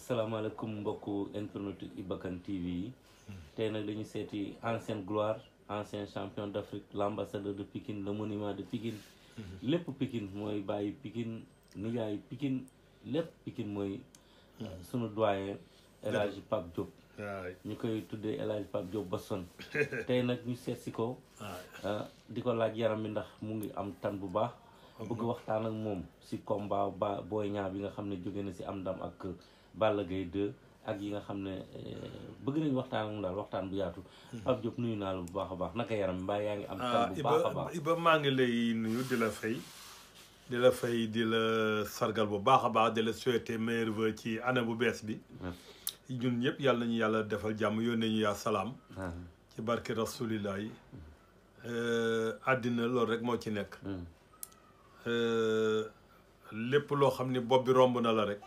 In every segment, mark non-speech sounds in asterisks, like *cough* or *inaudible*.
Assalamualaikum boku internet Ibakan TV hmm. tay nak dañu séti ancienne gloire ancien champion d'Afrique l'ambassadeur de pikin le monument de pikin hmm. lepp pikin moy baye pikin nigaay pikin lepp pikin moy hmm. euh, sunu doyen elage pap Pape Diop ñu koy tuddé elage pap Pape Diop *laughs* tay nak ñu sét ci ko euh, di ko laaj yaram bi ndax mu ngi am tan bu baax bëgg waxtaan ak mom si combat Boy Niang bi nga xamné jogé na si am ndam ak Balla Gaye 2 ak yi nga xam ne eh, bëgg nañ waxtaan ak moom daal waxtaan bu yaatu. Hmm. ak Diop nuyu naa la bu baax a baax naka yaram mbaa yaa ngi am. tan ah, bu baax a baax Iba maa ngi lay nuyu di la fay. di la fay di la sargal bu baax a baax di la souhaiter meilleurs vœux ci année bu bees bi. Hmm. ñun ñëpp yàlla nañu yàlla defal jàmm yónnee ñu yaa salaam. Hmm. ci barke rasulillah yi. Eh, àddina loolu rek moo ci nekk. Eh, lépp loo xam ni bopp bi romb na la rek.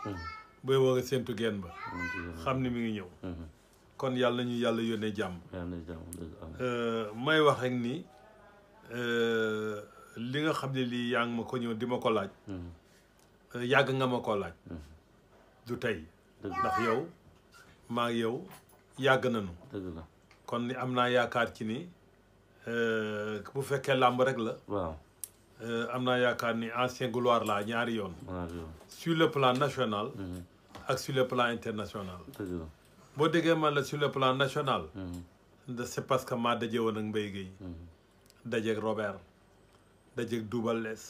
booy woo nga séntu geen ba xam ni mi ngi ñëw mhm. kon yàlla ñu yàlla yónnee jàmm euh, may wax rek ni euh, li nga xam ne lii yaa ngi ma ko ñëw di ma ko laaj mhm. euh, yàgg nga ma ko laaj mhm. du tey ndax yow maa ngi yow yàgg nañu kon ni am naa yaakaar ci ni bu fekkee làmb rek la waaw am naa yaakaar ni ancien gloire laa ñaari yoon sur le plan national ak sur le plan international. boo déggee man la sur le plan national. Mm-hmm. c'est parce que maa daje woon ak Mbaye Guèye. Mm-hmm. dajeeg Robert dajeeg Double Less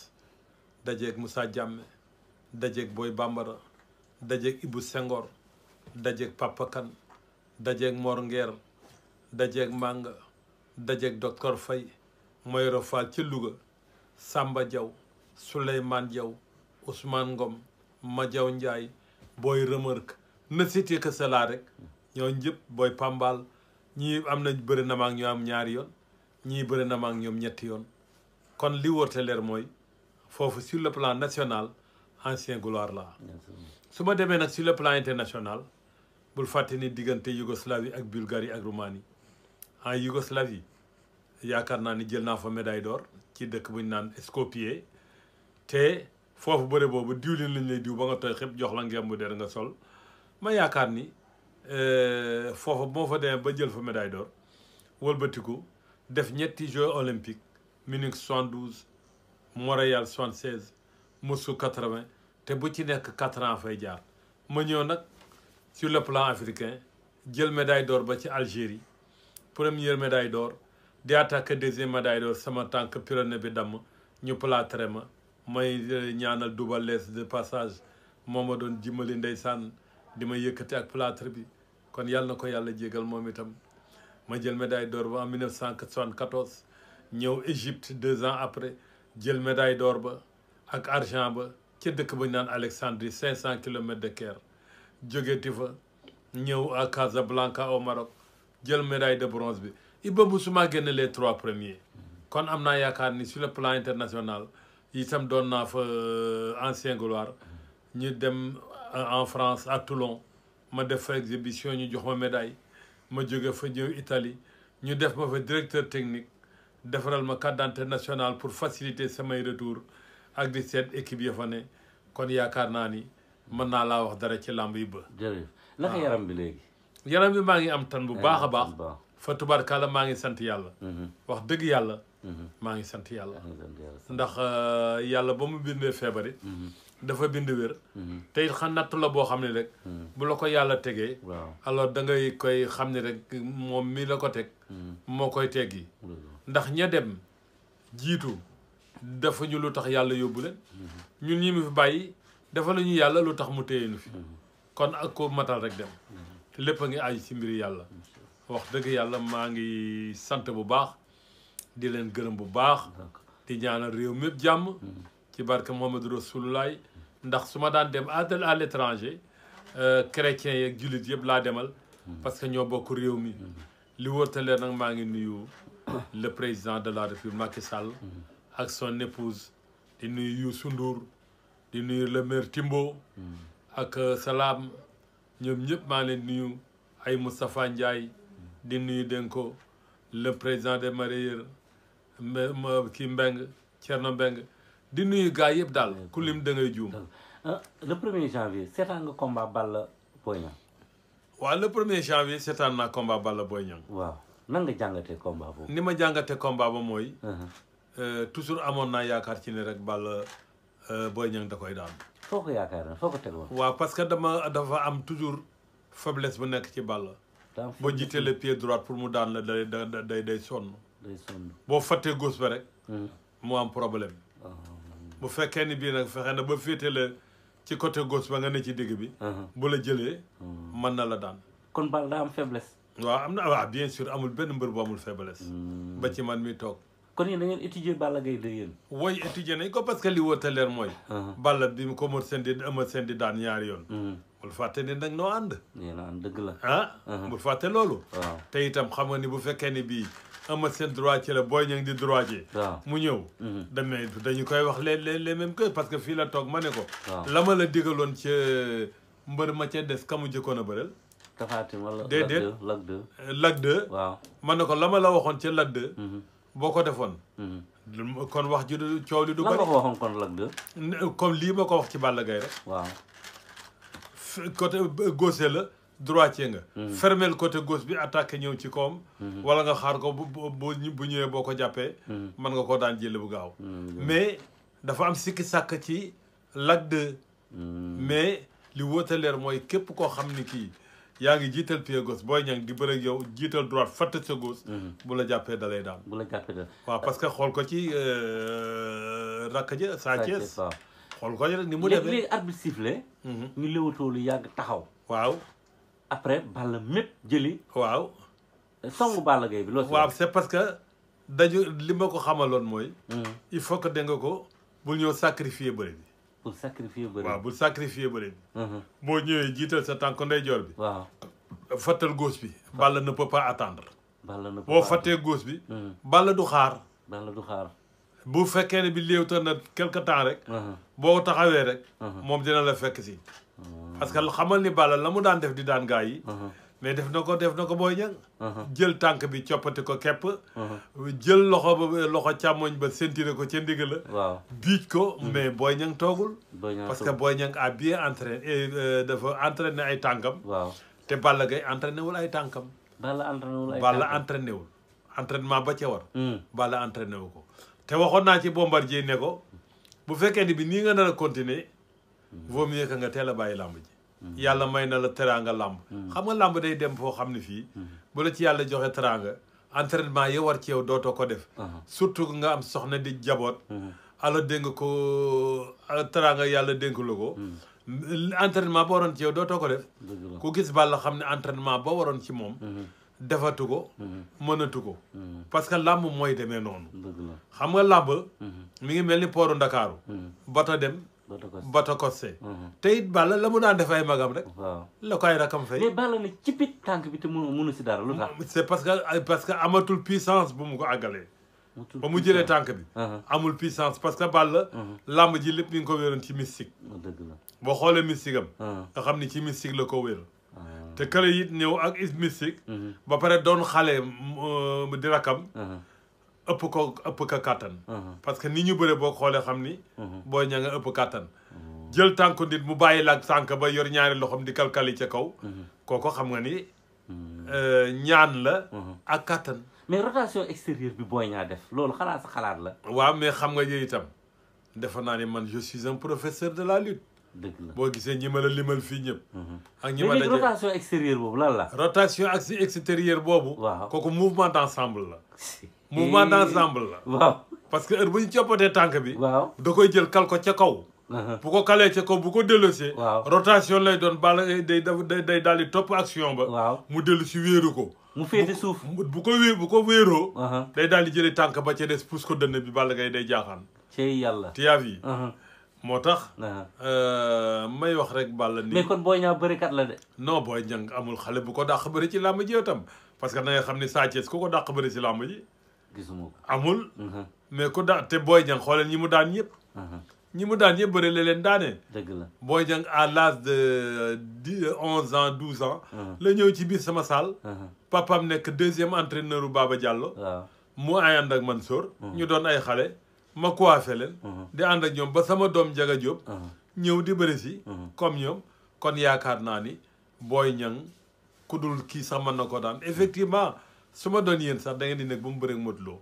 dajeeg Moussa Diame dajeeg Boy Bambara dajeeg Ibou Senghor dajeeg Papa Kane dajeeg Mor Nguer dajeeg Manga dajeeg docteur Faye ci Louga Samba Diaw Souleymane Diaw Ousmane Ngom Madiaw Ndiaye booy remarque ne c'était que cela rek ñooñu yëpp booy pambal ñii am nañ bëri na ma ak ñu am ñaari yoon ñii bëri na ma ñoom ñetti yoon kon li wóor te leer mooy foofu sur le plan national ancien gloire la su ma demee nag sur le plan international bul fàtte ni diggante Yougoslavie ak Bulgarie ak Roumanie en Yougoslavie yaakaar naa ni jël naa fa médaille d'or ci dëkk bu naan Skopje te foofu bëre boobu diwlin lañ lay diw ba nga tooy xëpp jox la ngemb der nga sol ma yaakaar ni euh, foofa boo fa demee ba jël fa médaille d'or wëlbatiku def ñetti jeux olympiques Munich 72 Montréal 76 Moscou 80 te bu ci nekk 4 ans fay jaar ma ñëw nag sur le plan africain jël médaille d'or ba ci Algérie première médaille d'or di attaqué deuxième médaille d'or sama tànk péroné bi damm ñu plâtré ma may euh, ñaanal Double Less de passage moo ma doon ndey ndeysaan di ma yëkkati ak platre bi kon yàlla na ko yàlla jégal moom itam ma jël médaille d'or ba en 1974 ñëw Égypte deux ans après jël médaille d'or ba ak argent ba ca dëkk ba ñu naan Alexandrie cinq cent kilomètres de Caire jógeti fa ñëw ak Casablanca au Maroc jël médaille de bronze bi su musuma génne les trois premiers kon am naa yaakaar ni sur le plan international itam doon naa fa euh, ancien gloire ñu dem euh, en France à Toulon ma def fa exhibition ñu jox ma médaille ma jóge fa ñëw Italie ñu def ma fa directeur technique defaral ma carte d'identité nationale pour faciliter samay retour ak di seet équipe ya fa ne kon yaakaar naa ni mën naa laa wax dara ci làmb yi ba. jërëjëf naka ah. yaram bi léegi. yaram bi maa ngi am tan bu eh, baax a baax. fa tubaarkalla maa ngi sant yàlla. Mm-hmm. wax dëgg yàlla. Mm-hmm. maa ngi sant yàlla ndax euh, yàlla ba mu bindee feebar mm-hmm. dafa bind wér mm-hmm. tey it nattu la boo xam ne rek bu la ko yàlla tegee alors da ngay koy xam ne rek moom mi la ko teg moo koy teggi ndax ña dem jiitu dafa ñu lu tax yàlla yóbbu leen ñu ñi mu fi bàyyi dafa la yàlla lu tax mu téye nu fi kon ak ko matal rek dem lépp a ngi aaj ci mbiri yàlla wax dëgg yàlla maa ngi sant bu baax di leen gërëm bu baax di ñaanal réew mépp jàmm ci barke Mohamed Rasulullaay ndax su ma daan dem àddal à l'étranger euh, chrétiens yeeg jullit yëpp laa demal parce que ñoo bokk réew mi li wërtalee nag maa ngi nuyu le président de la république Macky Sall ak son épouse di nuyu Youssou Ndour di nuyu le maire Timbo ak euh, Salam ñoom ñëpp maa leen nuyu ay Moustapha Ndiaye di nuyu dénk le président des mareyeurs ma kii Mbeng Thierno Mbeng di nuyu gars yëpp daal ku dangay da ngay juum. Euh, le premier janvier seetaan nga combat Balla booy Niang. waaw le premier janvier seetaan naa combat Balla Boy Niang. waaw nan nga jàngatee komba ni ma jàngatee combat ba mooy. Uh-huh. Euh, toujours amoon naa yaakaar ci ne rek Balla euh, Boy Niang da koy daan. foo ko yaakaar na foo ko teg waaw parce que dama dafa am toujours faiblesse bu nekk ci Balla. boo jiitee le pied droit pour mu daan la day day sonn. day sonn boo fattee gos ba rek hmm. mu am problème ah, ah, ah. bu fekkee ni bii nag fexee na ba féete la ci côté gos ba nga ne ci digg bi bu la jëlee man na la daan kon bal daa am faiblesse waaw am na waaw bien sur amul benn mbër bu amul faiblesse hmm. ba ci man mi toog kon yéen da ngeen étudier Balla Gaye de yéen wooy étudier nañ ko parce que li wóote leer mooy Balla bi ko Eumeu Sène di Eumeu Sène di daan ñaari yoon hmm. bul fàtte ni nag noo ànd yéen ànd dëgg la ah bul fàtte loolu ama seen droitier la booy ña ngi di droitier mu ñëw mm-hmm. damay dañu koy wax les les les mêmes parce que fii la toog ma ne ko la ma la digaloon euh, ca mbër des kamu jëkkoon a bëreel tafaati wala déedéet de lag de ma ne ko la la waxoon ca lag de boo ko defoon mm-hmm. kon wax ji du coow li du bari la ma waxoon kon lag de comme lii ma ko wax ci Balla Gaye rek waaw côté euh, la droitier nga. Hmm. fermel côté gauche bi attaqué ñëw ci koom. Hmm. wala nga xaar ko bu bu ñëwee boo ko jàppee. Hmm. mën nga koo daan jël bu gaaw. mais dafa am sikki sàkk ci Lac de mais li wóote leer mooy képp koo xam ni kii yaa ngi jiital pied gauche booy ñang di bëre yow jiital droite fatt sa gauche. bu la jàppee dalay lay daan. bu la waaw parce que xool ko ci euh, rakk ja Sa xool ko ci rek ni mu demee léegi arbitre ñu léwatoo lu yàgg taxaw waaw. après balle mep jëli. waaw. songu balle gay bi lo waaw c'est parce que dañu li ma ko xamaloon hmm. il faut que dégg nga ko bu ñeu sacrifier bëri bi. pour sacrifier bëri bi waaw bu sacrifier bëri bi. Hmm. bo ñëwee jital sa ndey jor bi. waaw fattal gauche bi. balle ne peut pas attendre. balle ne peut pas bo faté gauche bi. Hmm. balle du xaar. balle du xaar. bu fekkene bi léewta na quelque temps rek. bo taxawé rek. mom dina la fekk si. parce que xamal ni Balla la mu daan def di daan gaa yi. Uh-huh. mais def na ko def na ko Boy Niang. Uh-huh. jël tànk bi coppati ko kepp. Uh-huh. jël loxo ba loxo càmmoñ ba sentiré ko ca ndigg la. waaw biij ko mm-hmm. mais Boy Niang toogul. parce que Boy Niang a bien entraîné euh, dafa entraîné ay tànkam. waaw te Balla Gaye entraîné ay tànkam. Balla entraîné wul wul entraînement ba ca war. Mm. Balla entraîné wu ko. te waxoon naa ci Bombardier ne ko bu fekkee ni bi nii nga nar a continuer. vaut mieux nga teel a bàyyi làmb ji yàlla may na la teraanga làmb xam nga làmb day dem foo xam ne fii bu la ci yàlla joxe teraanga entraînement yi war ci yow dootoo ko def surtout nga am soxna di jaboot ala dénk ko teraanga yàlla dénk la ko hmm. entraînement ba waroon ci yow dootoo ko def ku gis Balla xam ne entraînement ba waroon ci moom hmm. defatu ko hmm. mënatu ko parce que làmb mooy demee noonu xam nga làmb mu ngi mel ni pooru Ndakaaru bata dem Batokose mhm. te it Balla la mu daan def ay magam rek. waaw la ko ay rakam fay. mais Balla ci bit tànk bi te mënu mënu si dara lu tax. c'est parce que parce que amatul puissance bu mu ko àggalee. ba mu jëlee tànk bi. Uh-huh. amul puissance parce que Balla. Uh-huh. làmb ji lépp mi ngi ko wéeroon ci mystique. Oh, dëgg boo xoolee mystique uh-huh. nga xam ni ci mystique la ko wéeroon. te kële it ñëw ak is mystique. ba pare doon xale euh, di rakam. ëpp ko ëpp ka kàttan uh-huh. parce que ni ñu bëre boo xoolee xam ni uh-huh. booy ña nga ëpp kàttan uh-huh. jël tànk nit mu bàyyi laak tànk ba yor ñaari loxoom di kalkali ca kaw kooko xam nga ni euh, ñaan la ak kàttan mais rotation extérieure bi booy ñaa def loolu xalaat sa xalaat la waaw mais xam nga yooyu itam defe naa ni man je suis un professeur de la lutte dëgg la boo gisee ñi ma la limal fii ñëpp. ak ñi ma la rotation extérieure boobu lan la. rotation extérieure boobu. waaw kooku mouvement d' ensemble la. mouvement d' ensemble la. parce que heure bu ñu coppatee tànk bi. waaw da koy jël kal ko ci uh-huh. kaw. bu ko calé ci kaw bu ko délocé rotation lay don bala day day dal di top action ba. mu délu ci wéru ko. mu fété souf bu ko wé bu ko wéro uh-huh. day dal di jëlee tank ba ci dess pousse ko dënn bi Balla Gaye day jaaxaan. cey yàlla tiyaaf yi. Uh-huh. moo euh, may wax rek Balla ni mais kon Boy ña Niang kat la dé non Boy ñang amul xalé bu ko dakh bëri ci lamb ji yow parce que da nga xamni Sa Thiès ku ko dakh bëri ci lamb ji. gisuma amul. Mhm. mais ku daan te Boy Niang xoolal ñi mu daan ñëpp. Mhm. ñi mu daan ñëpp bëri la leen daane. dëgg la Boy Niang à l'âge de dix onze ans douze ans. Mhm. la ñëw ci biir sama salle. papaam nekk deuxième entraîneur u Baba Diallo. waaw mu ay ànd ak Mansour. ñu doon ay xale ma coiffé leen. di ànd ak ñoom ba sama doom Ndiaga Diop. ñëw di bëri si. comme ñoom kon yaakaar naa ni Boy Niang ku dul kii sax mën na ko daan effectivement. su ma doon yéen sax da ngeen di nekk ba mu bëree ak Modou Lo.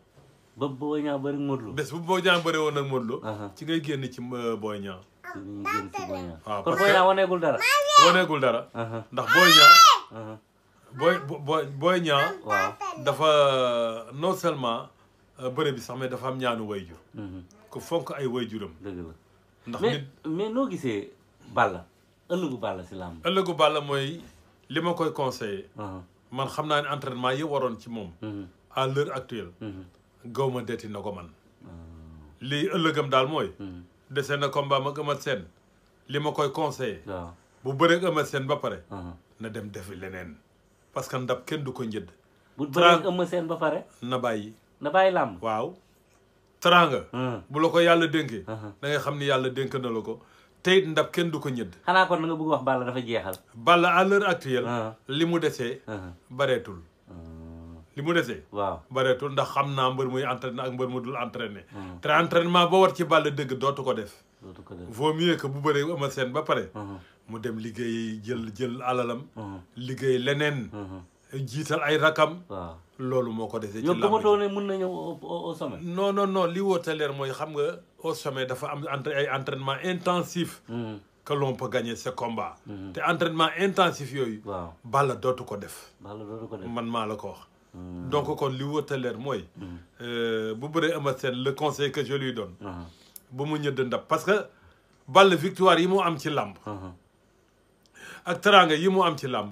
ba Boy Niang bëri ak Modou Lo. bés bu Boy Niang bëree woon ak Modou Lo. ci ngay génn ci euh, Boy Niang. ci ngay génn ci Boy Niang. waaw parce que kon Boy Niang waneegul dara. waneegul dara. ndax Boy Niang. Boy Boy Boy Niang. waaw dafa non seulement euh, bëre bi sax mais dafa am ñaanu wayjur. Mhm. ku fonk ay wayjuram. dëgg la ndax nit mais noo gisee Balla ëllëgu Balla si làmb. ëllëgu Balla mooy li ma koy conseillé. Je sais naa ne entraînement yi waroon ci mhm. à l'heure actuelle. Mhm. gaw ma detti na ko man. Ah. lii ëllëgam daal mooy. Mhm. dese na combat mag Eumeu Sène li ma koy conseillé. bu me ba na dem parce que ndab kenn du ko njëdd. bu ba pare. na bàyyi. na bàyyi waaw. bu la ko da teyit ndax kenn du ko ñëdd xanaa kon na nga bëgg wax Balla dafa jeexal Balla à actuelle ah. li mu desee ah. bareetul ah. li mu desee waaw bareetul ndax xam naa mbër muy entraîné ak mbër mu dul entraîné te entraînement ba war ci Balla dëgg dootu ko def vaut mieux que bu bëree ama seen ba pare mu dem liggéey jël jël alalam liggéey leneen jiital ay rakam loolu moo ko desee. ci làmb ji ne mën na au sommet. non non non li wóote leer mooy xam nga au sommet dafa am entre ay entraînement intensif. Mm-hmm. que l'on peut gagner ce combat. Mm-hmm. te entraînement intensif yooyu. waaw Balla dootu ko def. man maa la ko wax. Mm-hmm. donc kon li wóote leer mooy. Euh, bu bëree Eumeu Sène le conseil que je lui donne. Uh-huh. bu mu ñëdd ndab parce que balle victoire yi mu am ci lamb uh-huh. ak teraanga yi mu am ci lamb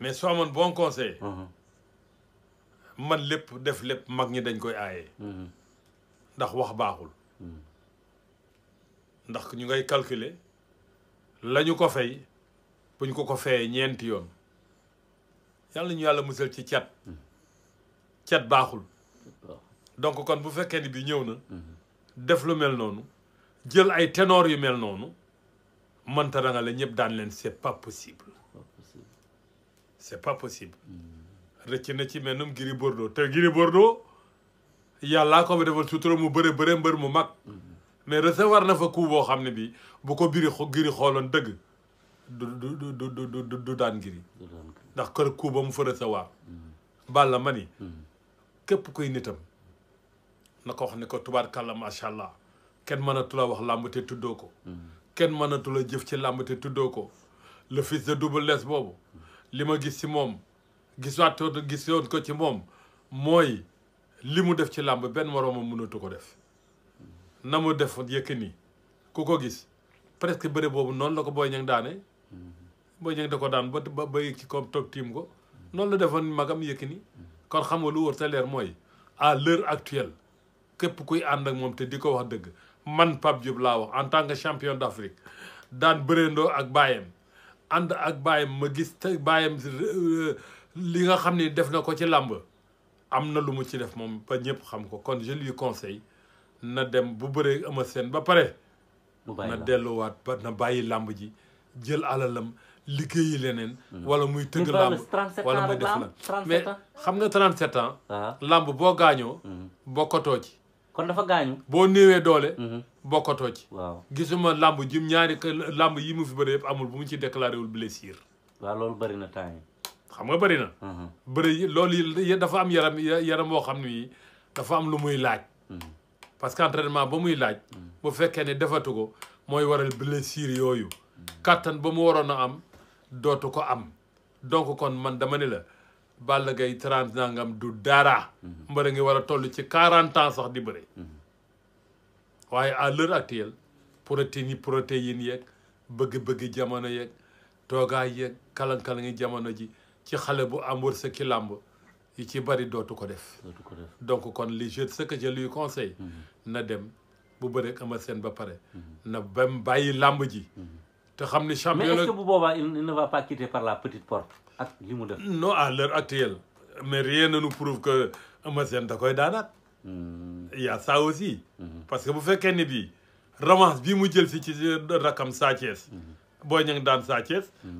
mais soo amoon bon conseil. Uh-huh. man lépp def lépp mag ñi dañ koy aaye. Uh-huh. ndax wax baaxul. Uh-huh. ndax ñu ngay calculer lañu ko fay buñ ko ko fayee ñeenti yoon yàlla ñu yàlla musal ci cat. cat baaxul. donc kon bu fekkee ni bi ñëw na. def lu mel noonu jël ay ténor yu mel noonu mënta rangale ñëpp daan leen c'est pas possible. c'est pas possible rëcc na ci mel num Gris Bordeaux te Gris Bordeaux yàllaa ko fi defal sutura mu bëre bëre mbër mu mag mais recevoir na fa coup boo xam ne bi bu ko biri Gris xooloon dëgg du du du daan Gris ndax kër coup ba mu fa recevoir Balla ma ni mm. képp kuy nitam na ko wax ne ko tubaarkàlla macha allah kenn mënatu wax làmb te tuddoo ko mm. kenn mënatu jëf ci làmb te tuddoo ko le fils de Double boobu mm. li ma gis ci moom gis gisaat gis yoon ko ci moom mooy li mu def ci làmb benn moroomam mënatu ko def na mu def ni ku ko gis presque bëre boobu noonu la ko Boy Niang daane Boy Niang da ko daan ba ba yëg ci koom toog ko noonu la defoon magam ni kon xam lu wër sa leer mooy à l'heure actuelle képp kuy ànd ak moom te di ko wax dëgg man Pape Diop laa wax en tant que champion d'Afrique daan bëreendoo ak bàyyam ànd ak baayam ma gis te baayam euh, li nga xam ni def na ko ci làmb am na lu mu ci def moom ba ñëpp xam ko kon je conseil conseille na dem bu bëree Eumeu Sène ba pare na delluwaat ba na bàyyi làmb ji jël alalam liggéeyi leneen mm-hmm. wala muy tëgg làmb wala muy def la mais xam nga 37 ans ah. làmb boo gaañoo mm-hmm. bokkatoo ci kon dafa gaañu boo néewee doole mm-hmm. bokkatoo ci. waaw gisuma làmb jim ñaari làmb yi mu fi bëri yëpp amul bu mu ci déclaré wul blessure. waaw loolu bëri na temps xam nga mhm. bëri na. bëri loolu yi dafa am yaram yaram boo xam ni dafa am lu muy laaj. Mhm. parce que entraînement ba muy laaj. Mhm. bu fekkee ne defatu ko mooy waral blessure yooyu. kàttan ba mu waroon a am dootu ko am donc kon man dama ne la. Balla Gaye 30 nangam du daara mbër a ngi war a toll ci 40 ans sax di bëri. waaye à l'heure actuelle protéines yi protéines yeeg bëgg-bëgg jamono yeeg toogaay yeeg kalan-kalangi jamono ji ci xale bu am wërsëg ki làmb yi ci bari dootu ko def donc kon li je ce que je lui conseille mhm. na dem bu bëreeg ama seen ba pare mhm. na bam bàyyi làmb ji mhm. te xam champion mais est-ce que bu boobaa il ne va pas quitter par la petite porte ak li mu def non à l'heure actuelle mais rien ne nous prouve que ama seen da koy daanaat hmm. il y aussi. parce que bu fekkee ne bii rawance bi mu jël si ci rakam Sa Thiès. Boy Niang daan Sa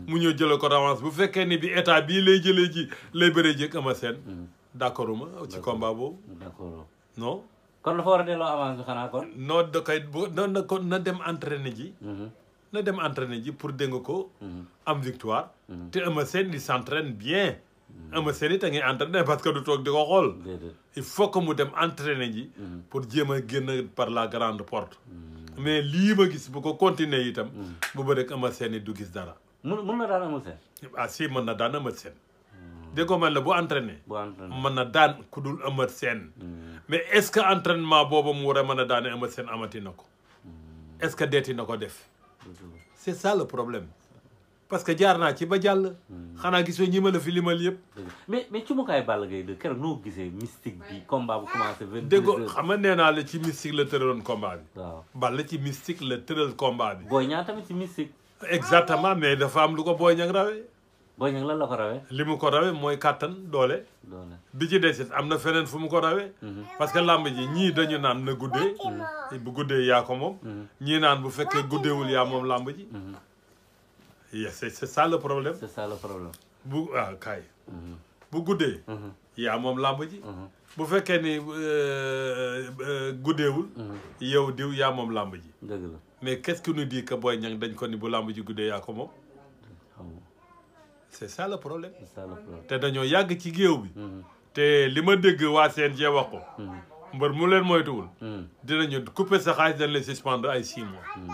mu ñëw jëlee ko revanche bu fekkee ni bi état bii lay jëlee ji lay bëree jëkk ama seen. d' ma ci combat boobu. d' accord non. kon war a delloo avance bi xanaa kon. non da koy na na kon na dem entraîner ji. Mhm. na dem entraîner ji pour dégg ko. Mhm. am victoire. Mhm. te ama seen di s'entraîne bien. ama seen it a ngi entraîné parce que du toog di ko xool. il faut que mu dem entraîné ji. Mm-hmm. pour jéem a génn par la grande porte. mais lii ma gis bu ko continuer itam. Mm-hmm. bu rek ama seen du gis dara. mun mun na daan ama seen. ah si mën na daan ama seen. Mm. dégg nga man la bu entraîné. bu entraîné mën na daan ku dul ama seen. Mm. mais est ce que entraînement boobu mu war a mën a daane ama seen amati na ko. Mm. est ce que deeti na ko def. c' est ça le problème. parce que jaar naa ci ba jàll. Hmm. xanaa gisoo ñi ma la fi limal yëpp. mais mais cumukaay Balla Gaye de keroog noo gisee mystique bi combat bu commencé. vingt deux heures dégg xam nga nee naa la ci mystique la tëraloon combat bi. waaw Balla ci mystique la tëral combat bi. Boy Niang tamit ci mystique. exactement mais dafa am lu ko Boy Niang rawee. Boy Niang lan la ko rawee. li mu ko rawee mooy kàttan doole. doole bi ci des it am na feneen fu mu ko rawee. Mhm. parce que làmb ji ñii dañu naan na guddee. bu guddee yaa ko moom. Mhm. naan bu fekkee guddeewul yaa moom làmb ji. Mhm. c'est ça le problème. c'est ça le problème. bu y a bu guddee. y a làmb bu ni yow diw Il mais qu'est-ce que nous dit que Boy avons dañ ni bu à c'est ça le problème. c'est ça le problème ci mbër mu leen moytuwul. Hmm. dinañu couper sa xaalis dañ lay suspendre ay 6 mois. Hmm,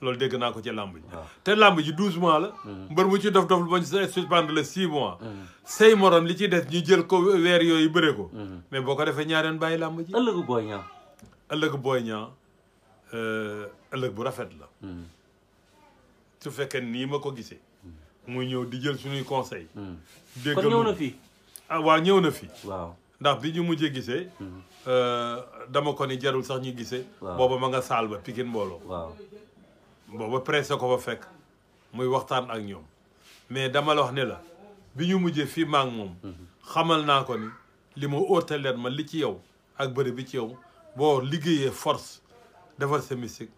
loolu dégg naa ko ci làmb ji. Ah. te làmb ji 12 mois la. Hmm. mbër mu ci dof dof bañ sa suspendre la 6 mois. say morom li ci des ñu jël ko weer yooyu bëre ko. mais boo ko defee ñaareen bàyyi làmb ji. ëllëgu booy ñaa. ëllëgu booy ñaa euh, ëllëg bu rafet la. su fekkee nii ma ko gisee. muy ñëw di jël suñuy conseil dégg kon ñëw na fi. ah waaw ñëw na fi. waaw. ndax bi ñu mujjee gisee. Mhm. dama ko ni jarul sax ñu gisee. booba ma nga saal ba Pikine mbooloo. waaw booba pressé ko fa fekk muy waxtaan ak ñoom mais dama la wax ne la bi ñu mujjee fii maa moom. Mhm. xamal naa ko ni li ma óotaleen ma li ci yow ak bëri bi ci yow boo liggéeyee force defar sa mystique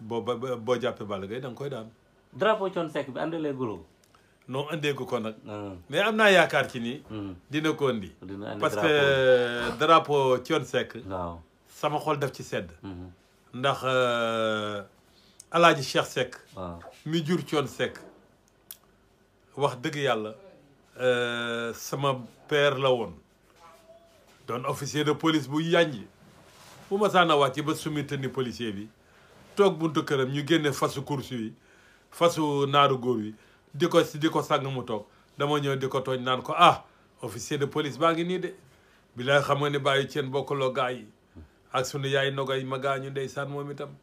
boo boo jàppee Balla Gaye da nga koy daan. drapeau Thione Seck bi àndalee guloo non andeegu ko nag. Ah. mais am naa yaakaar ci ni. Hmm. dina ko indi. parce que drapeau Thione Seck. waaw sama xol def ci sedd. Hmm. ndax euh, alaaji Cheikh Seck. mi jur Thione Seck. wax dëgg yàlla euh, sama père la woon doon officier de police bu yànji bu ma saan a wàcc ba sumi tënni policier bi toog buntu këram ñu génne fasu course yi fasu naaru góor yi. di ko si di ko sang mu toog dama ñëw di ko tooñ naan ko ah officier de police baa ngi nii de bi lay xam nga ne bàyyi ceen bokkaloo gaa yi ak sunu yaay nogay ma gaañu ndeysaan moom itam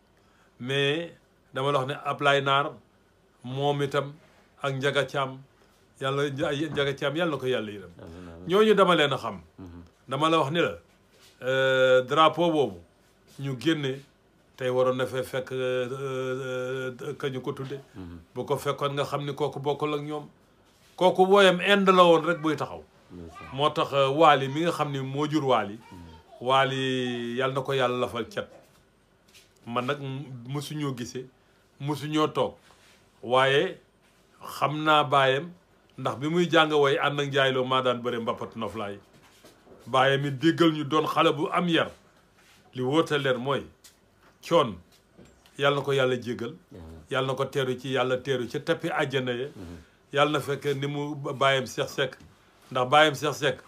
mais dama ne Ablaye Naar moom itam ak Njaga Caam yàlla Njaga Caam yàlla na ko yàlla yërëm ñooñu dama leen a xam mhm. dama la wax ni la euh, drapeau boobu ñu génne tey waroon na fekk euh, euh, euh, kañu ko tudde mhm. bu ko fekkoon nga xam ni kooku bokkul ak ñoom kooku woyam ind la woon rek buy taxaw moo tax waali mi nga xam ni moo jur waali mhm. waali yàlla na ko yàlla lafal cet man nag mosuñoo gisee mosuñoo toog waaye xam naa baayam ndax bi muy jàng way ànd ak njaayloo maa daan bëre mbappat noflaay baayam it déggal ñu doon xale bu am yar li wóote leer mooy coon yàlla na ko yàlla jégal mhm. yàlla na ko teeru ci yàlla teeru ci teppi àjjana ye mhm. yàlla na fekk ni mu bàyyam Seex Sekk ndax bàyyam Seex Sekk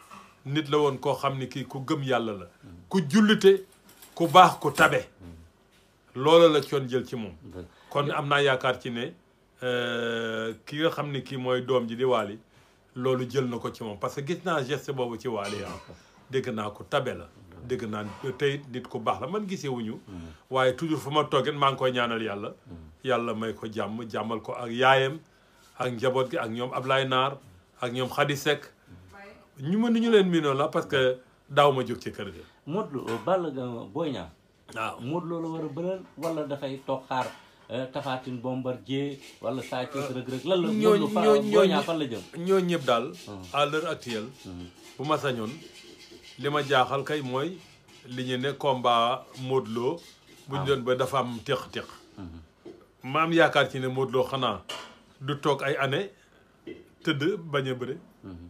nit la woon koo xam ni kii ku gëm yàlla la mhm. ku jullite ku baax ku tabe loola la coon jël ci moom kon am naa yaakaar ci ne euh, ki nga xam ni kii mooy doom ji di waali loolu jël na ko ci moom parce que gis naa geste boobu ci waali ah *laughs* dégg naa ko tabe la dégg naan tey nit ku baax la man gisee wuñu mm. waaye toujours fu ma toogee maa ngi koy ñaanal yàlla. Mm. yàlla may ko jàmm jàmmal ko ak yaayam ak njaboot gi ak ñoom Ablaye Naar ak ñoom Khady Seck ñu mën ñu leen miinoo la parce que daaw ma jóg ci kër gi. Modou Lo Balla Gaye Boy Niang waaw Modou Lo la war a bëreel wala dafay toog xaar eh, Tafatine Bombardier wala Sa Thiès euh, Reug Reug lan la. ñooñu ñooñu Modou Lo fan ñëpp daal. Mm. à l'heure actuelle. bu ma sañoon. li ma jaaxal kay mooy li ñu ne combat Modou Lo bu ñu ah. doon ba dafa am téq-téq ma am yaakaar ci ne Modou xanaa du toog ay année tëdd bañ a bëre mhm.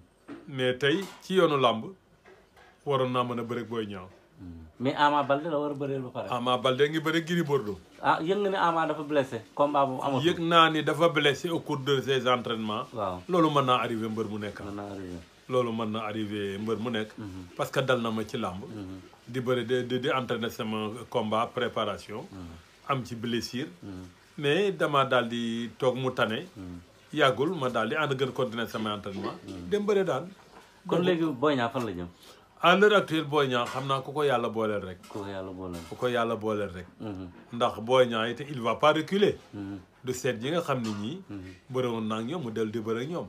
mais tey ci yoonu làmb waroon naa mën a bëre booy Niang mhm. mais Ama Balde la war a bëreel ba pare. Ama Balde ngi bëre Gris Bordeaux. ah yëg nga ni Ama dafa blessé. combat boobu amatul yëg naa ni dafa blessé au cours de ses entraînements. loolu mën naa arriver mbër mu nekk. mën loolu mën na arrivé mbër mu nekk. parce que dal na ma ci làmb. di bëri di di entraîner sama combat préparation. am ci blessure. mais damaa daal di toog mu tane. yàggul ma daal di ànd gën continuer sama entraînement. dem bëri daal. kon léegi Boy Niang fan la jëm. à l'heure actuelle Boy Niang xam naa ku ko yàlla booleel rek. ku ko yàlla booleel ku ko yàlla booleel rek. Mhm. ndax Boy Niang it il va pas reculer. Mhm. du seet yi nga xam ne ñii. Mhm. bëriwoon woon naa ñoom mu dellu di bëri ak ñoom.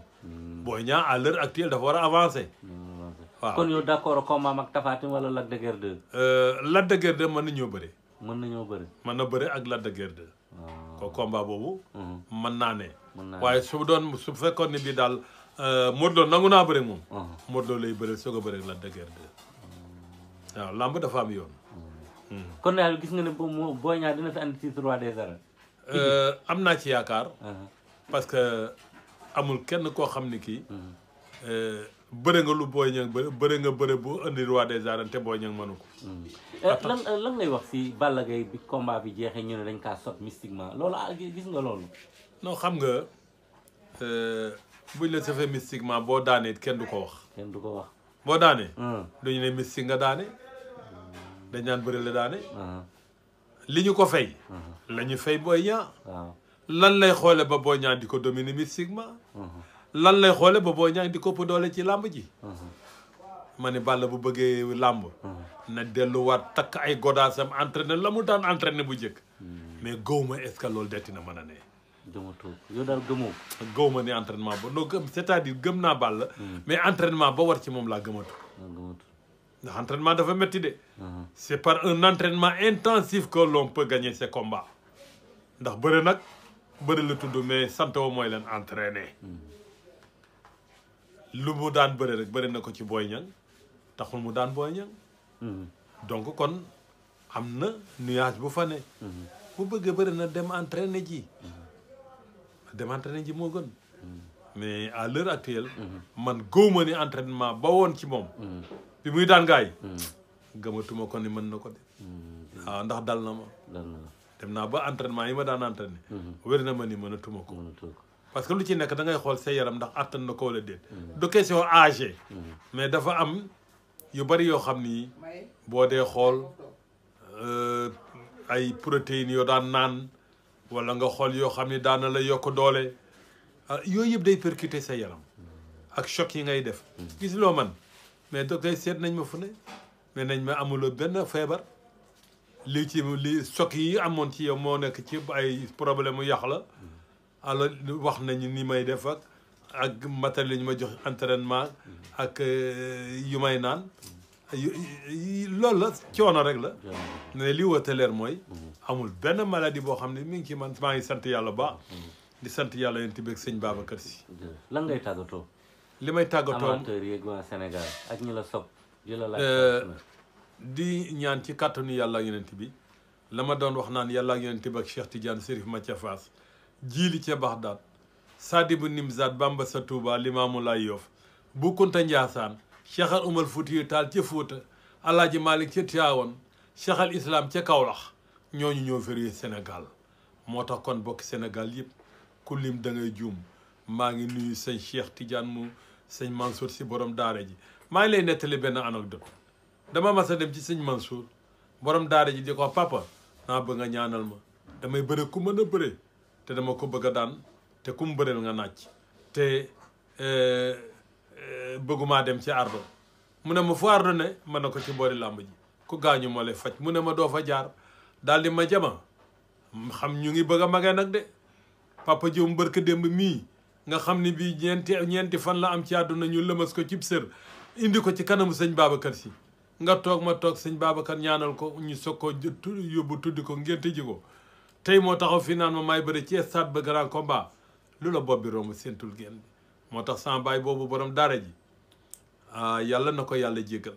Boy Niang à l'heure actuelle dafa war a avancer. waaw kon yow d' accord combat ak Tapha Tine wala Lac de Guiers 2. Euh, Lac de Guiers mën na ñoo mën nañoo mën na bëri ak Lac de Guiers 2. Ah. ko combat boobu. mën naa ne. waaye su doon su fekkoon ne bii daal. Euh, Modou Lo nangu naa bëri moom. Ah. Modou lay bëri soog a bëri la dëgër de hmm. waaw lamb dafa am yoon. Hmm. Hmm. kon ne des euh, am naa ci yaakaar. Ah. parce que amul kenn koo xam ne kii. Euh, bëre nga lu Boy Niang bëre bëre nga bëre bu indi roi des arènes te Boy mënu ko. Ah, lan lan wax si Balla Gaye bi combat bi jeexee ñu ne dañ kaa sot mystiquement loolu ah gis nga loolu. non xam nga. buñ la safee mystiquement boo daanee kenn du ko wax. kenn du ko wax. boo daanee. Hmm. duñu ne mystique nga daane. dañ naan bëri la daane. Hmm. li ñu ko fay. Hmm. la ñu fay Boy Niang. lay xoole ba Boy Niang di ko dominer mystiquement. lan lay xoole ba Boy Niang di ko ëpp doole ci làmb ji. ma ne Balla bu bëggee làmb. na delluwaat takk ay godaasam entraîné la mu daan entraîné bu njëkk. mais gëw ma ce que loolu detti na mën a ne. gëmatoo yow daal gëmoo. gëw ma ne entraînement ba non gëm c'est-à-dire gëm naa Balla. Hmm. mais entraînement ba war ci moom laa gëmatu. ndax entraînement dafa métti de. Hmm. c'est par un entraînement intensif que l'on peut gagner ses combats ndax bëre nag bëri la tudd mais santoo mooy leen entraîner. Hmm. lu mu daan bëre rek bëri na ko ci Boy ñang taxul mu daan Boy ñang donc kon am na nuage bu fa ne. bu bëggee bëri na dem entraîner ji. démentraîné ji moo gën. mais à l'heure actuelle. man gëw ma ni entraînement ba woon ci moom. bi muy daan gaay gëmatuma ko ni mën na ko de. waaw ah, ndax dal na ma. dem naa ba entraînement yi ma daan entraîné. Mhm. wér na ma ni mënatuma ko. parce que lu ci nekk dangay xool say yaram ndax attan na ko wala déet. du question âgé. Mhm. mais dafa am yu bari yoo xam ni boo dee xool euh, ay protéines yoo daan naan. wala nga xool yoo xam ni daana la yokk doole ah, yooyu yëpp day percuté sa yaram ak choc yi ngay def gis man mais docteur seet nañ ma fu ne mais nañ ma amuloo benn feebar lii ci li choc yi amoon ci yow moo nekk ci ay problème mu la alors wax nañu ni may def ak ak matériel yi ñu ma jox entraînement ak euh, yu may naan loolu la coono rek la. mais li woote leer mooy. Mm-hmm. amul benn maladie boo xam ne mi ngi ci man maa ngi sant yàlla baax. Mm-hmm. di sant yàlla yéen tamit ak sëñ Babacar Si. lan ngay tàggatoo. li may tàggatoo amateur ak la sopp euh, di ñaan ci kàttanu yàlla ak yonent ma doon wax naan yàlla ak yonent bi ak Cheikh Tidiane Serif fas Fass li ca Baxdaad Sadibou Nimzat Bamba sa Touba Limaamu Laay Yoff bu Kunta Njaasaan cheikh al umar futiyu taal ca Fuuta alaaji Malick ca Tiwaawan cheikh al islam ca Kawlax ñooñu ñoo féré Sénégal moo tax kon bokk Sénégal yëpp ku lim da ngay juum maa ngi nuyu sëñ Cheikh Tidiane mu sëñ Mansour si borom daare ji maa ngi lay nettali benn anecdote dama mas dem ci sëñ Mansour borom daara ji di ko papa naa bëgg nga ñaanal ma damay bëre ku mën a bëre te dama ko bëgg a daan te ku mu bëreel nga naaj te eh, Euh, bëggumaa dem ci ardo mu ne ma fu ardo ne mën na ko ci boori làmb ji ko gaañu moo lay faj mu ne ma doo fa jaar daal di ma jama xam ñu ngi bëgg a magee nag de papa Diom mbërka démb mii nga xam ni bii ñeenti ñeenti fan la am ci àdduna ñu lëmas ko cib sër indi ko ci kanamu sëñ Babacar si nga toog ma toog sëñ Babacar ñaanal ko ñu soog ko yóbbu tuddi ko ngénte ji ko tey moo taxaw fi naan ma maay bëri ci stade ba grand combat lu la bopp bi romb séentul génn moo tax sama baay boobu borom daare ji ah, yàlla na ko yàlla jéggal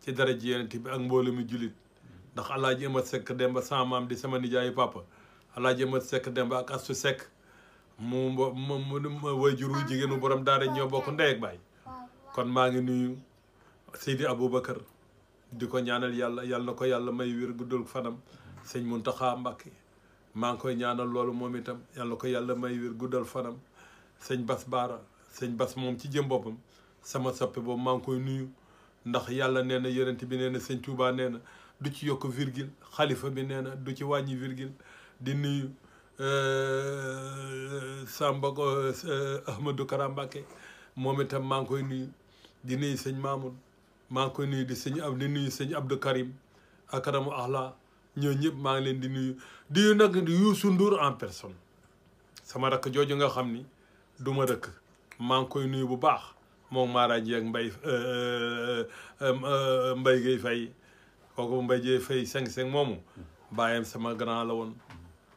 ci dara ji yonent bi ak mboolu mi jullit ndax alaaji Amat Seck Demba sama maam di sama nijaayu papa alaaji Amat Seck Demba ak Astu Seck mu mu mu wajuru jigéenu borom daara ñoo bokk ndey ak baay kon maa ngi nuyu Seydi Aboubacar di ko ñaanal yàlla yàlla na ko yàlla may wér guddal fanam sëñ Muntaxa Mbàkke maa ngi koy ñaanal loolu moom itam yàlla ko yàlla may wér guddal fanam sëñ Bas sëñ Bas moom ci jëm boppam sama soppe boobu maa ngi koy nuyu ndax yàlla nee na yonent bi nee na sëñ Touba nee na du ci yokk virgule xalifa bi nee na du ci wàññi virgule di nuyu euh, Samba euh, Ahmadou Kara Mbacké moom itam maa ngi koy nuyu di nuyu sëñ Mamoun maa ngi koy nuyu di sëñ ab di nuyu sëñ Abdou Karim akaramu ahla ñoo ñëpp maa ngi leen di nuyu di nag Youssou Ndour en personne sama rakk jooju nga xam ni du ma dëkk maa ngi koy nuyu bu baax moom Mara Dieng ak Mbaye euh, euh, euh, Mbaye Gueye Faye kooku Mbaye Gueye Faye cinq cinq moomu bàyyam sama grand la woon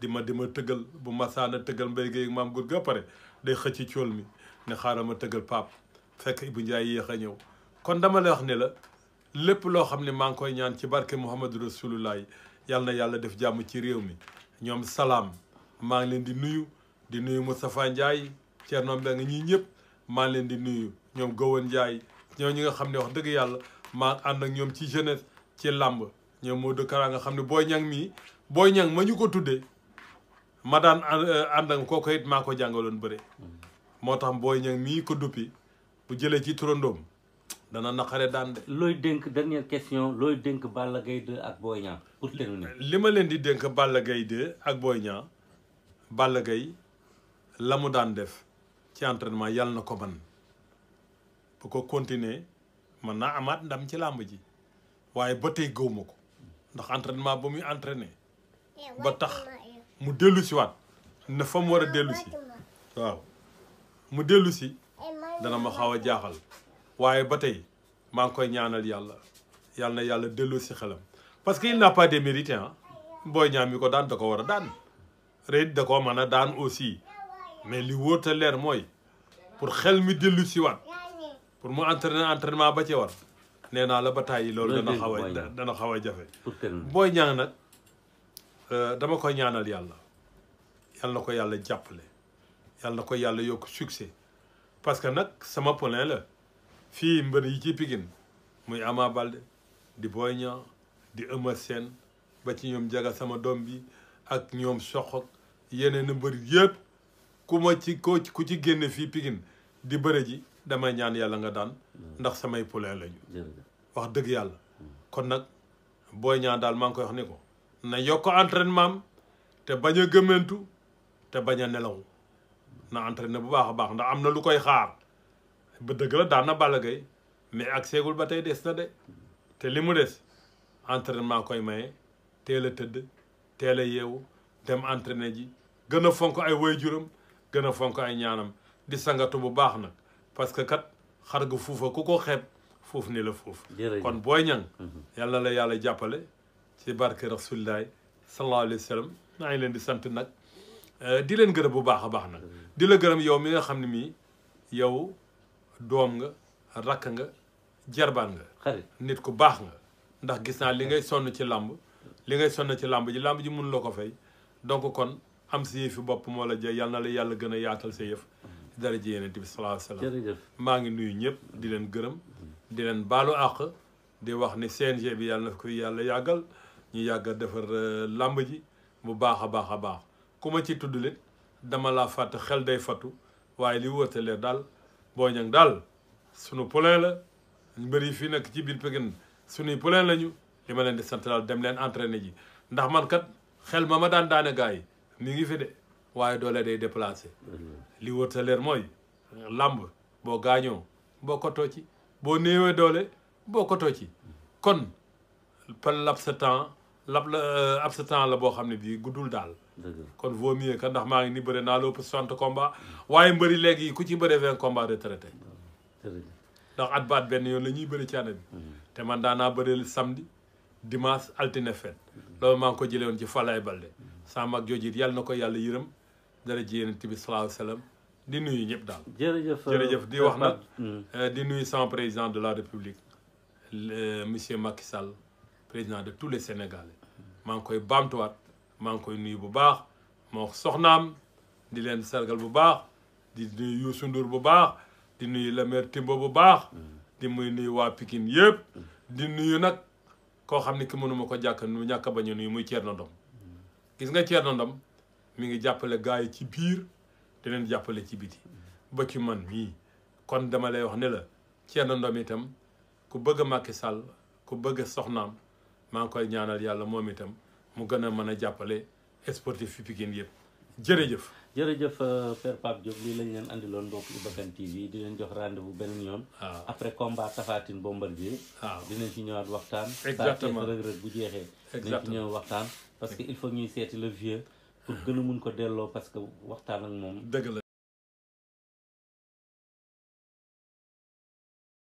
di ma di ma tëggal bu masaana tëggal Mbaye Gueye maam góor ga pare day xëcc cool mi ne xaaral ma tëggal Pape fekk Ibou Ndiaye yéex a ñëw kon dama la wax ne la lépp loo xam ne maa ngi koy ñaan ci barke Mouhamadou Rasulullah yàlla na yàlla def jàmm ci réew mi ñoom salaam maa leen di nuyu di nuyu Moustapha Ndiaye Thierno Mbengue ñii ñëpp maa leen di nuyu ñoom Gowon njaay ñoo ñi nga xam ne wax dëgg yàlla maa ànd ak ñoom ci jeunesse ci làmb ñoom moo dëkkaraa nga xam ne booy Niang mii booy Niang ma ñu ko tuddee ma daan eh, ànd ak kooku it maa ko jàngaloon bëre moo tax booy Niang mii ko duppi bu jëlee ci turandoom dana naqare daan de. looy dénk dernière question looy dénk Balla Gaye 2 ak Boy Niang li ma leen di dénk Balla Gaye 2 ak booy Niang Balla Gaye la mu daan def ci entraînement yalla nako ban man bu ko continuer mën naa amaat ndam ci lamb ji waye batay tey gëwma ndax entraînement ba muy entraîner eh, ba tax eh. mu dellu si waat ne fam wara war a eh, waaw mu dellu si dana ma xawa a jaaxal waaye ba tey ngi koy ñaanal yalla yalla na yalla delloo si xelam parce que il n'a pas de mérite hein. booy ñaam mi ko daan da ko war daan reet da ko mën daan aussi mais li wóor leer mooy pour xel mi dellu si waat pour mu entraîner entraînement ba ci wat nee naa la ba tàyyi loolu dana xaw a dana xaw a jafe booy ñaan nag euh, dama ko ñaanal yàlla yàlla na ko yàlla jàppale yàlla ko yàlla yokk succès parce que nag sama poulain la fii mbër yi ci Pikine muy amaa Baldé di Boy Niang di Eumeu seen ba ci ñoom jaga sama doom bi ak ñoom soxok yeneen mbër yëpp ku ma ci ko ku ci génne fii Pikine di bëre ji damay ñaan yàlla nga daan ndax samay poulain lañu wax dëgg yàlla hmm. kon nag booy ñaan daal maa ngi koy wax ni ko na yokk entrene am te bañ a gëmmentu te bañ a nelaw na entraîné bu baax a baax ndax am na lu koy xaar ba dëgg la daan na Balla Gaye mais ak seegul ba tey des na de te li mu des entraînement koy maye teel a tëdd teel a yeewu dem entraîné ji gën a fonk ay juróom gën a fonk ay ñaanam di sangatu bu baax nag parce que kat xar gu fuufa ku ko xet fuuf ni la fuuf kon booy ñang mhm. yàlla la yàlla jàppale ci barke rasulillahi sallallahu alayhi wa sallam ngi leen di sant nag euh, di leen gërëb bu baax a baax nag di la gërëm yow mi nga xam ne mii yow doom nga rakk nga jarbaan nga nit ku baax nga ndax gis naa li ngay sonn ci làmb li ngay sonn ci làmb ji làmb ji mun la ko fay donc kon am si yëfi bopp moo la jël yal yàlla gën a yaatal sa yëf dara ji yeneen bi salaahu salaam maa ngi nuyu ñëpp di leen gërëm di leen baalu àq di wax ni CNG bi yàlla na ko yàlla yàggal ñu yàggal defar euh, làmb ji bu baax a baax a baax ku ma ci tudd lit dama laa fàtt xel day fattu waaye li wóotalee daal boo ñang daal sunu poulain la mbër yi fii nekk ci biir Pikine sunuy poulain lañu li ma leen di sant daal dem leen entre ne ji ndax man kat xel ma ma daan daane gaa yi ngi fi de waaye doole day déplacé mhm. li wër sa leer mooy làmb boo gaañoo boo ci boo néewee doole kon par lab sa temps la euh, ab sa temps la boo xam ne bii guddul daal kon vaut mieux que ndax maa ngi ni bëri naa la ëpp soixante combat waaye mbëri léegi ku ci bëri vingt combat retraité ndax at la ñuy mhm. samedi dimanche mhm. ko sama mag jooju it yàlla na ko yàlla yërëm dara ji yéen bi salaahu salaam di nuyu ñëpp daal. jërëjëf euh, di wax nag. Mm. Euh, di nuyu sama président de la république euh, monsieur Macky Sall président de tous les sénégalais maa ngi koy baamtuwaat maa ngi koy nuyu bu baax moo soxnaam di leen sargal bu baax di nuyu Youssou Ndour bu baax di nuyu le maire Timbo bu baax. di muy nuyu waa pikin yëpp. di nuyu nag koo xam ne ki mënuma ko jàkk nu ñàkk bañ a nuyu muy Thierno Dom gis nga Thierno Ndom mi ngi jàppale gars yi ci biir di leen jàppale ci biti ba ci man mii kon dama lay wax ne la Thierno Ndom itam ku bëgg a Macky Sall ku bëgg soxnaam maa ngi koy ñaanal yàlla moom itam mu gën a mën a jàppale sportif fi Pikine yëpp jërëjëf. jërëjëf euh, Père Pape Diop lii lañ leen andiloon mbokk Iba Kane TV di leen jox rendez-vous beneen yoon. après combat Tapha Tine Bombardier. waaw dinañ ci ñëwaat waxtaan. exactement saa rëg-rëg bu jeexee. dañ ci ñëw waxtaan parce que il faut ñuy seeti le vieux pour gën a mun ko delloo parce que waxtaan ak moom dëgg la